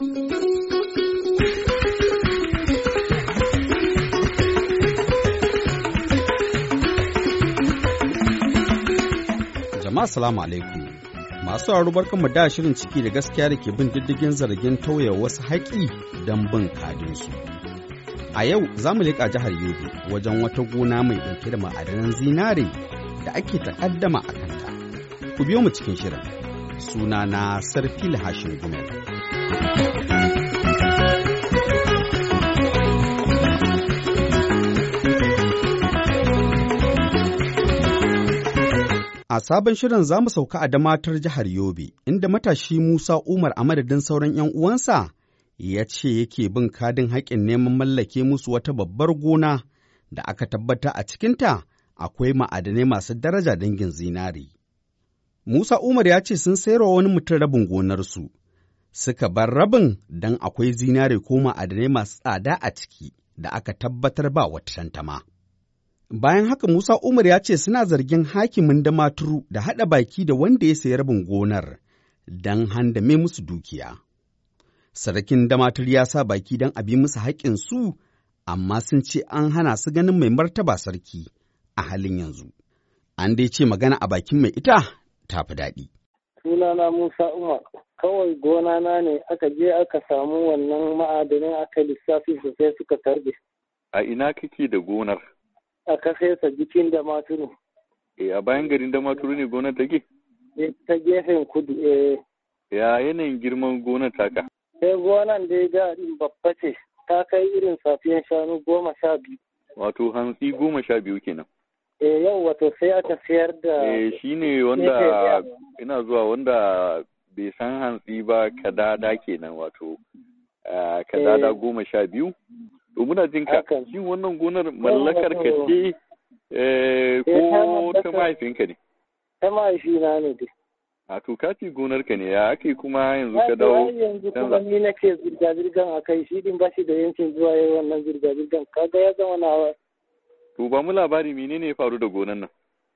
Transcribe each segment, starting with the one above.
Jama'a salamu alaikum. Masu arubar mu da shirin ciki da gaskiya da ke bin diddigin zargin tauye wasu haƙi don bin kadinsu. A yau za mu leƙa jihar Yobe wajen wata gona mai ɗauke da ma'adanan zinare da ake taƙaddama a kanta. Ku biyo mu cikin shirin. suna na sarfil hashin gumel. A sabon shirin za mu sauka a damatar jihar Yobe, inda matashi Musa Umar a madadin sauran 'yan uwansa ya ce yake bin kadin haƙƙin neman mallake musu wata babbar gona da aka tabbata a cikinta akwai ma'adanai masu daraja dangin zinari. Musa Umar ya ce sun sayarwa wani mutum rabin gonarsu, suka bar rabin don akwai zinare ko ma'adanai masu tsada a ciki da aka tabbatar ba wata tantama. Bayan haka Musa Umar ya ce suna zargin hakimin da maturu da haɗa baki da wanda ya sayi rabin gonar don handame musu dukiya. Sarakin damatur ya sa baki don abi musu haƙƙinsu, amma sun ce an hana su ganin mai martaba sarki a halin yanzu. An dai ce magana a bakin mai ita tafi daɗi. Sunana Musa Umar, kawai gona na ne aka je aka samu wannan ma'adanin aka lissafi sai suka tarbe. A ina kake da gonar? A kasesa jikin da maturu. E, eh, a bayan garin da maturu ne gonar take? E, ta gefen kudu, e. Ya yanayin girman gonar taka? Sai gonan dai da babba ce, ta kai irin safiyan shanu goma sha biyu. Wato hantsi goma sha biyu kenan. eh yau wato sai aka siyar da eh shine wanda ina zuwa wanda bai san hantsi ba kadada kenan wato kadada eh. goma sha biyu to muna jin ka shin wannan gonar mallakar ka ce eh, eh, ko ta mahaifinka ne ta mahaifina ne dai a to ka ce gonar ka ne ya ake kuma yanzu ka dawo yanzu kuma ni nake zirga zirgan a kai shi din ba shi da yancin zuwa yawan wannan zirga zirgan kaga ya zama na To ba mu labari menene ya faru da gonan nan?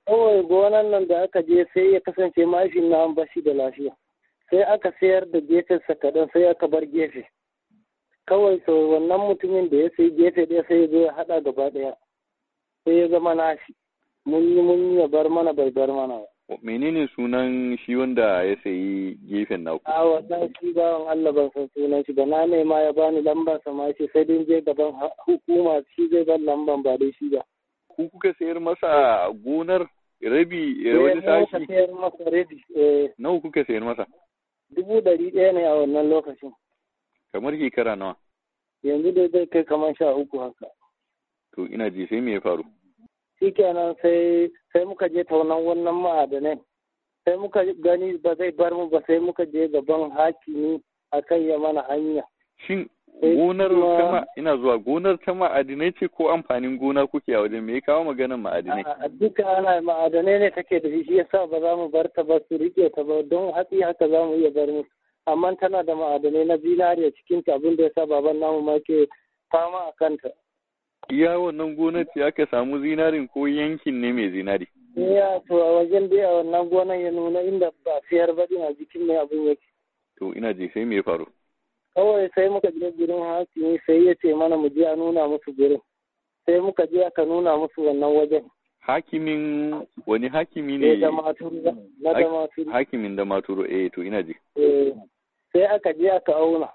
Kawai gonan nan da aka je sai ya kasance mashin na an bashi da lafiya. Sai aka sayar da gefen sa kaɗan sai aka bar gefe. Kawai sau wannan mutumin da ya sayi gefe ɗaya sai ya zo ya haɗa gaba ɗaya. Sai ya zama nashi. Mun yi mun yi ya bar mana bai bar mana ba. menene sunan shi wanda ya sayi gefen naku a wannan shi bawan Allah ban san sunan shi ba na nema ya bani lambar sama shi sai dai je gaban hukuma shi zai ban lamban ba dai shi ba ku kuka sayar masa gonar rabi eh, eh, wani sashi sayar masa rabi eh. nawa kuka sayar masa dubu ɗari ɗaya ne a wannan lokacin kamar shekara nawa yanzu dai zai kai kamar sha uku haka to ina ji sai me ya faru shi shikenan sai sai muka je taunan wannan ma'adanai sai muka gani ba zai bar mu ba sai muka je gaban hakimi a kan ya mana hanya shin gonar ta ina zuwa gonar ta ma'adinai ce ko amfanin gona kuke a wajen me kawo maganar ma'adinai duka ana ma'adanai ne take da shi yasa ba za mu bar ta ba su rike ta ba don hatsi haka za mu iya bar mu amma tana da ma'adanai na zinariya cikin ta abin da yasa baban namu ma ke fama a kanta iya wannan gonar ce aka samu zinarin ko yankin ne mai zinari Iya to a wajen dai a wannan gonar ya nuna inda ba siyar ba a jikin mai abin yake to ina ji sai me ya faru kawai sai muka je gurin hakimi sai ya ce mana mu je a nuna musu gurin sai muka je aka nuna musu wannan wajen hakimin wani hakimi ne eh, na damaturu hakimin da maturu eh to ina ji eh, sai aka je aka auna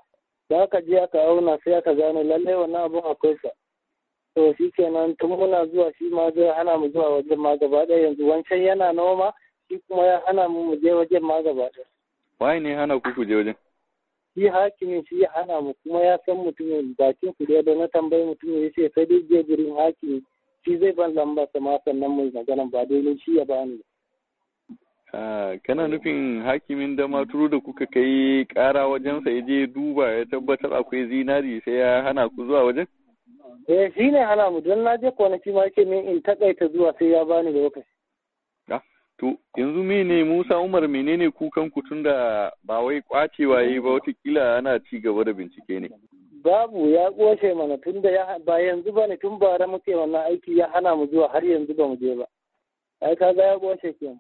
da aka je aka auna sai aka gano lallai wannan abun akwai sa to shi kenan tun muna zuwa shi ma zai hana mu zuwa wajen ma gaba ɗaya yanzu wancan yana noma shi kuma ya hana mu mu je wajen ma gaba ɗaya. Wani ne hana ku ku je wajen shi hakimin shi ya hana mu kuma ya san mutumin bakin ku da na tambayi mutumin ya ce sai dai je gurin hakimi shi zai ban lamba sama sannan mu magana ba dole shi ya bani ah, kana nufin hakimin da maturu da kuka kai kara wajensa ya je duba ya tabbatar akwai zinari sai ya hana ku zuwa wajen eh shi ne hana mu don na je kwanaki ma yake min in takaita zuwa sai ya bani da lokaci to yanzu mene Musa Umar menene kukan ku tunda ba wai kwacewa yi ba watakila ana ci gaba da bincike ne babu ya kwashe mana tunda ya ba yanzu bane tun bara muke wannan aiki ya hana mu zuwa har yanzu ba mu je ba ai kaga ya kwashe kenan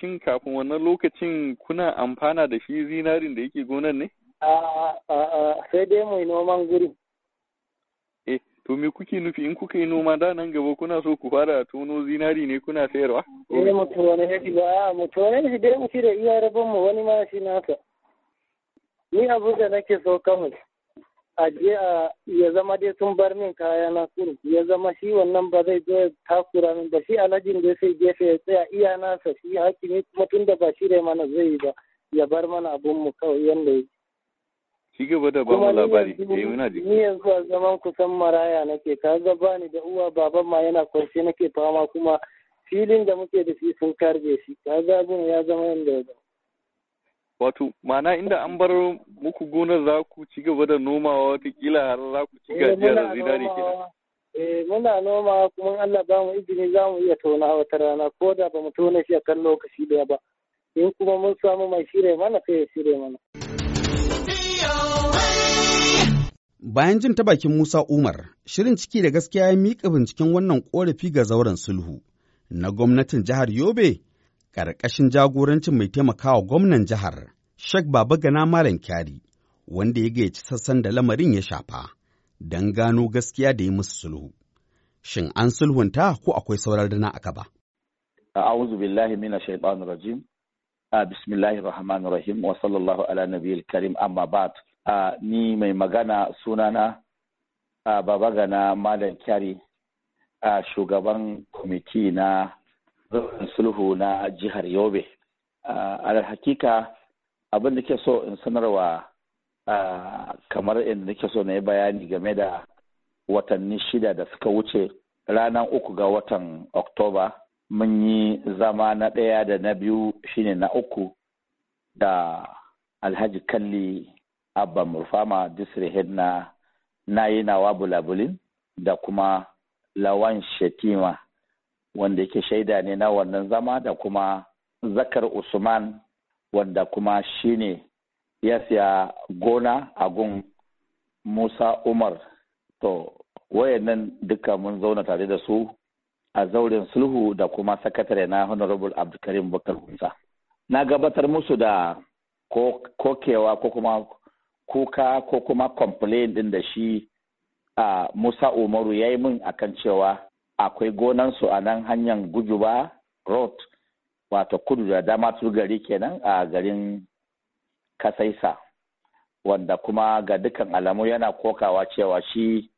shin kafin wannan lokacin kuna amfana da shi zinarin da yake gonar ne? A'a, sai dai mu yi noman gurin. To me kuke nufi in kuka yi noma da nan gaba kuna so ku fara tono zinari ne kuna sayarwa? Ina mutu wani haifi ba mutu wani dai mu da iya rabon mu wani ma shi naka. Ni abu da nake so kamun. A je a ya zama dai sun bar min kaya na kuru ya zama shi wannan ba zai zo takura min ba shi alhajin da sai gefe ya tsaya iya nasa shi hakimi kuma tunda ba shi da mana zai yi ba ya bar mana abun mu kawai yanda yake. Ci gaba da ba mu labari, eh muna jiki. Ni yanzu a zaman kusan maraya nake, ka ga bani da uwa baban ma yana kwance nake fama kuma filin da muke da shi sun karbe shi, ka ga ya zama yanda ya zama. Wato, mana inda an bar muku gonar za ku ci gaba da nomawa watakila har za ku ci zai eh, zinari ke Eh, muna noma kuma Allah ba mu izini za mu iya tona wata rana ko da ba mu tona shi a kan lokaci daya ba. In kuma mun samu mai shirya mana sai ya shirya mana. Bayan jin ta bakin Musa Umar, shirin ciki da gaskiya ya miƙa binciken wannan ƙorafi ga zauren sulhu na gwamnatin jihar Yobe, ƙarƙashin jagorancin mai taimakawa gwamnan jihar, Sheikh Baba Gana Malam Kyari, wanda ya gayyaci sassan da lamarin ya shafa, don gano gaskiya da ya musu sulhu. Shin an sulhunta ko akwai sauran dana aka ba? A'udhu billahi من الشيطان rajim. بسم الله الرحمن الرحيم وصلى الله على نبي Uh, ni mai magana sunana uh, gana malam kyari uh, shugaban kwamiti na zaben sulhu na jihar yobe uh, alhakika, abin da ke so in sanarwa uh, kamar inda nake so na yi bayani game da watanni shida da suka wuce ranar uku ga watan oktoba mun yi zama na ɗaya da na biyu shine na uku da alhaji kalli abba murfama disri hedna na yi nawa bulabulin da kuma lawan shetima wanda yake shaida ne na wannan zama da kuma zakar usman wanda kuma shine ya siya gona a gun musa umar to wayannan duka mun zauna tare da su a zauren sulhu da kuma sakatare na honorable abdulkarim bakar musa na gabatar musu da kokewa ko kuma kuka ko kuma complain din da shi a Musa Umaru ya yi min akan cewa akwai gonansu a nan hanyar gujuba road wato kudu da dama su gari kenan a garin kasaisa wanda kuma ga dukan alamu yana kokawa cewa shi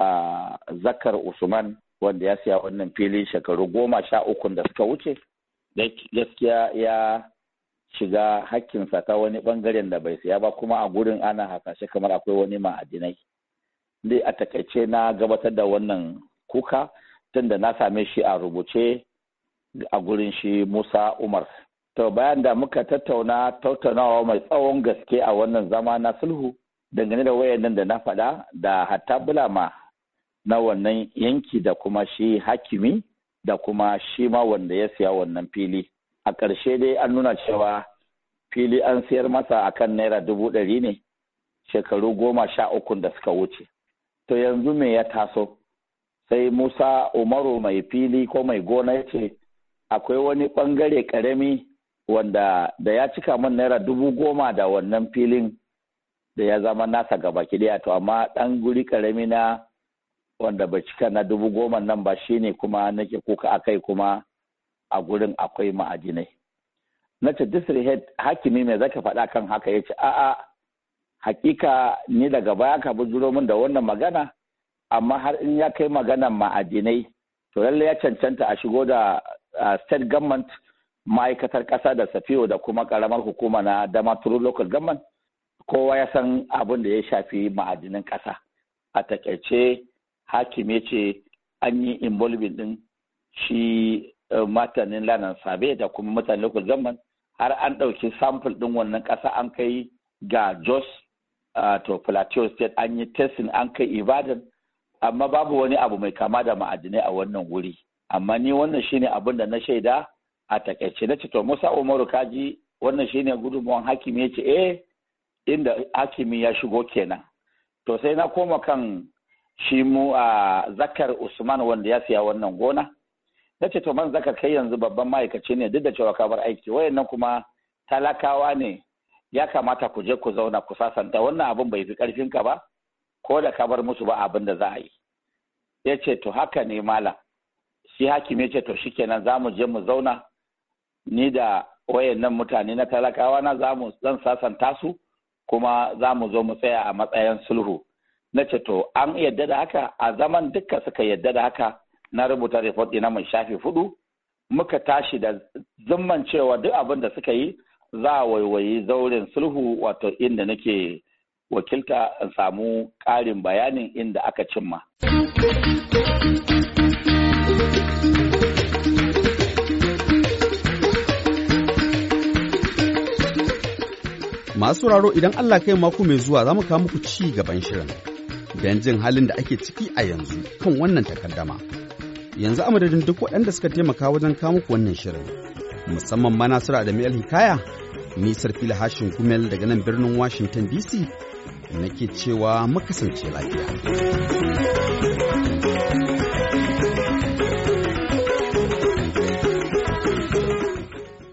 a zakar usman wanda ya siya wannan fili shekaru goma sha uku da suka wuce gaskiya ya shiga hakkinsa ta wani bangaren da bai saya ba kuma a gurin ana hasashe kamar akwai wani ma'adinai dai a takaice na gabatar da wannan kuka tunda na same shi a rubuce a gurin shi musa umar to bayan da muka tattauna tattaunawa mai tsawon gaske a wannan zama na sulhu dangane da wayannan da na faɗa da hatta bulama na wannan yanki da kuma shi hakimi da kuma shi ma wanda ya siya wannan fili a ƙarshe dai an nuna cewa fili an siyar masa a kan naira dubu ɗari ne shekaru goma sha ukun da suka wuce to yanzu me ya taso sai musa umaru mai fili ko mai gona ya ce akwai wani ɓangare ƙarami wanda da ya cika min naira dubu goma da wannan filin da ya zama nasa gaba ɗaya to amma ɗan guri ƙarami na wanda bai cika na dubu goma nan ba shine kuma nake kuka akai kuma a gurin akwai ma'adinai na ce district hakimi mai zaka faɗa kan haka ya ce a'a hakika ni daga baya ka bujuro min da wannan magana amma har in ya kai maganan ma'adinai to lallai ya cancanta a shigo da state government ma'aikatar ƙasa da safiyo da kuma ƙaramar hukuma na damaturu local government kowa ya san abin da ya shafi ma'ajinin ƙasa a takaice hakimi ce an yi involving ɗin shi Eh, matanin lanar sabe da kuma mutane ku zaman. har an ɗauki sample ɗin wannan ƙasa an kai ga jos to plateau state an yi testing an kai ibadan amma babu wani abu mai kama da ma'adinai a wannan wuri amma ni wannan shine abin da na shaida a takaice na ce to musa umaru kaji wannan shine gudunmuwan hakimi ya ce eh inda hakimi ya shigo kenan to sai na koma kan shi mu a zakar usman wanda ya siya wannan gona na ce to man zaka kai yanzu babban ma'aikaci ne duk da cewa ka bar aiki wayannan kuma talakawa ne ya kamata ku je ku zauna ku sasanta wannan abun bai fi karfin ka ba ko da ka bar musu ba abin da za a yi ya ce to haka ne mala. shi hakim ya ce to shikenan za mu je mu zauna ni da wayannan mutane na talakawa na za mu zan sasanta su kuma za mu zo mu tsaya a matsayin sulhu na ce to an yadda da haka a zaman dukka suka yadda da haka na rubuta report ɗina mai shafi hudu muka tashi da zumman cewa duk abin da suka yi za a waiwayi zauren sulhu wato inda nake wakilta in samu ƙarin bayanin inda aka cimma. Masu raro idan Allah kai mako mai zuwa za mu kawo muku ci gaban shirin don jin halin da ake ciki a yanzu kan wannan takaddama. yanzu a madadin duk waɗanda suka taimaka wajen kawo muku wannan shirin musamman ma da Adamu Hikaya ni Sarfila Hashin Gumel daga nan birnin Washington DC nake cewa makasance lafiya.